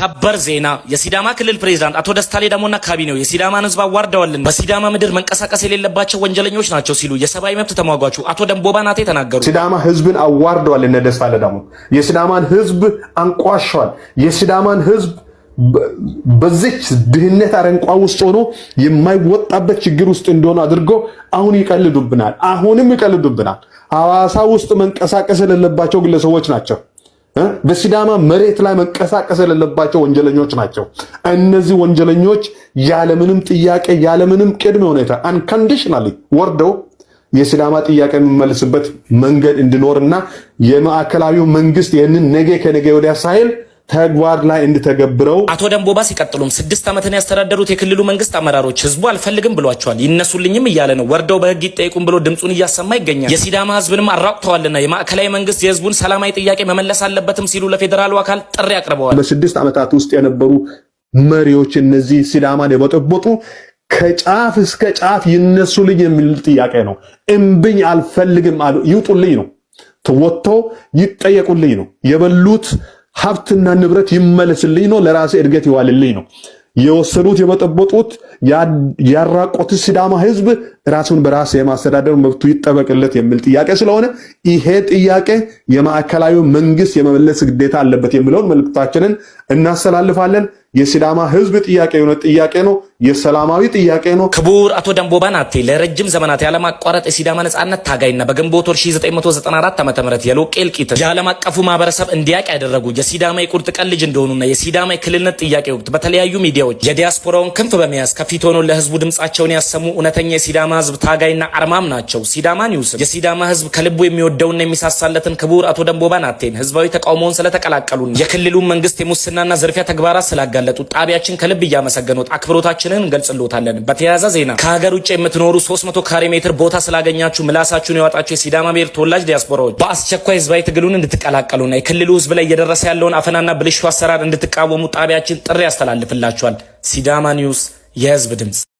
ሰበር ዜና የሲዳማ ክልል ፕሬዚዳንት አቶ ደስታ ሌዳሞና ካቢኔው የሲዳማን ህዝብ አዋርደዋልን በሲዳማ ምድር መንቀሳቀስ የሌለባቸው ወንጀለኞች ናቸው ሲሉ የሰብአዊ መብት ተሟጓቹ አቶ ደንቦባ ናቴ ተናገሩ። ሲዳማ ህዝብን አዋርደዋል እነ ደስታ ሌዳሞ። የሲዳማን ህዝብ አንቋሸዋል። የሲዳማን ህዝብ በዚች ድህነት አረንቋ ውስጥ ሆኖ የማይወጣበት ችግር ውስጥ እንደሆነ አድርጎ አሁን ይቀልዱብናል፣ አሁንም ይቀልዱብናል። ሐዋሳ ውስጥ መንቀሳቀስ የሌለባቸው ግለሰቦች ናቸው። በሲዳማ መሬት ላይ መንቀሳቀስ የሌለባቸው ወንጀለኞች ናቸው። እነዚህ ወንጀለኞች ያለምንም ጥያቄ ያለምንም ቅድመ ሁኔታ አንከንዲሽናሊ ወርደው የሲዳማ ጥያቄ የሚመልስበት መንገድ እንዲኖርና የማዕከላዊው መንግስት ይህንን ነገ ከነገ ወዲያ ሳይል ተግባር ላይ እንድተገብረው አቶ ደንቦባ ሲቀጥሉም ስድስት ዓመትን ያስተዳደሩት የክልሉ መንግስት አመራሮች ህዝቡ አልፈልግም ብሏቸዋል፣ ይነሱልኝም እያለ ነው። ወርደው በህግ ይጠይቁም ብሎ ድምፁን እያሰማ ይገኛል። የሲዳማ ህዝብንም አራቁተዋልና የማዕከላዊ መንግስት የህዝቡን ሰላማዊ ጥያቄ መመለስ አለበትም ሲሉ ለፌዴራሉ አካል ጥሪ አቅርበዋል። በስድስት ዓመታት ውስጥ የነበሩ መሪዎች እነዚህ ሲዳማን የበጠበጡ ከጫፍ እስከ ጫፍ ይነሱልኝ የሚል ጥያቄ ነው። እምብኝ አልፈልግም አሉ። ይውጡልኝ ነው። ተወጥቶ ይጠየቁልኝ ነው የበሉት ሀብትና ንብረት ይመለስልኝ ነው፣ ለራሴ እድገት ይዋልልኝ ነው። የወሰዱት የበጠበጡት ያራቆት ሲዳማ ህዝብ ራሱን በራስ የማስተዳደር መብቱ ይጠበቅለት የሚል ጥያቄ ስለሆነ ይሄ ጥያቄ የማዕከላዊ መንግስት የመመለስ ግዴታ አለበት የሚለውን መልእክታችንን እናስተላልፋለን። የሲዳማ ህዝብ ጥያቄ የሆነ ጥያቄ ነው። የሰላማዊ ጥያቄ ነው። ክቡር አቶ ደንቦባ ናቴ ለረጅም ዘመናት ያለማቋረጥ የሲዳማ ነጻነት ታጋይና በግንቦት ወር 1994 ዓ.ም የሎቄ እልቂት የዓለም አቀፉ ማህበረሰብ እንዲያቅ ያደረጉ የሲዳማ የቁርጥ ቀን ልጅ እንደሆኑና የሲዳማ የክልልነት ጥያቄ ወቅት በተለያዩ ሚዲያዎች የዲያስፖራውን ክንፍ በመያዝ ከፊት ሆኖ ለህዝቡ ድምጻቸውን ያሰሙ እውነተኛ የሲዳማ ህዝብ ታጋይና አርማም ናቸው። ሲዳማ ኒውስ የሲዳማ ህዝብ ከልቡ የሚወደውና የሚሳሳለትን ክቡር አቶ ደንቦባ ናቴን ህዝባዊ ተቃውሞውን ስለተቀላቀሉና የክልሉን መንግስት የሙስናና ዝርፊያ ተግባራት ስላጋ ስለተጋለጡ ጣቢያችን ከልብ እያመሰገኑት አክብሮታችንን እንገልጽልዎታለን። በተያያዘ ዜና ከሀገር ውጭ የምትኖሩ 300 ካሬ ሜትር ቦታ ስላገኛችሁ ምላሳችሁን ያወጣችሁ የሲዳማ ብሔር ተወላጅ ዲያስፖራዎች በአስቸኳይ ህዝባዊ ትግሉን እንድትቀላቀሉና የክልሉ ህዝብ ላይ እየደረሰ ያለውን አፈናና ብልሹ አሰራር እንድትቃወሙ ጣቢያችን ጥሪ ያስተላልፍላችኋል። ሲዳማ ኒውስ የህዝብ ድምፅ